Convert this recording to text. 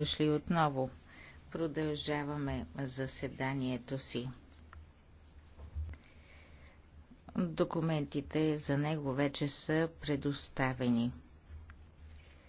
дошли отново. Продължаваме заседанието си. Документите за него вече са предоставени.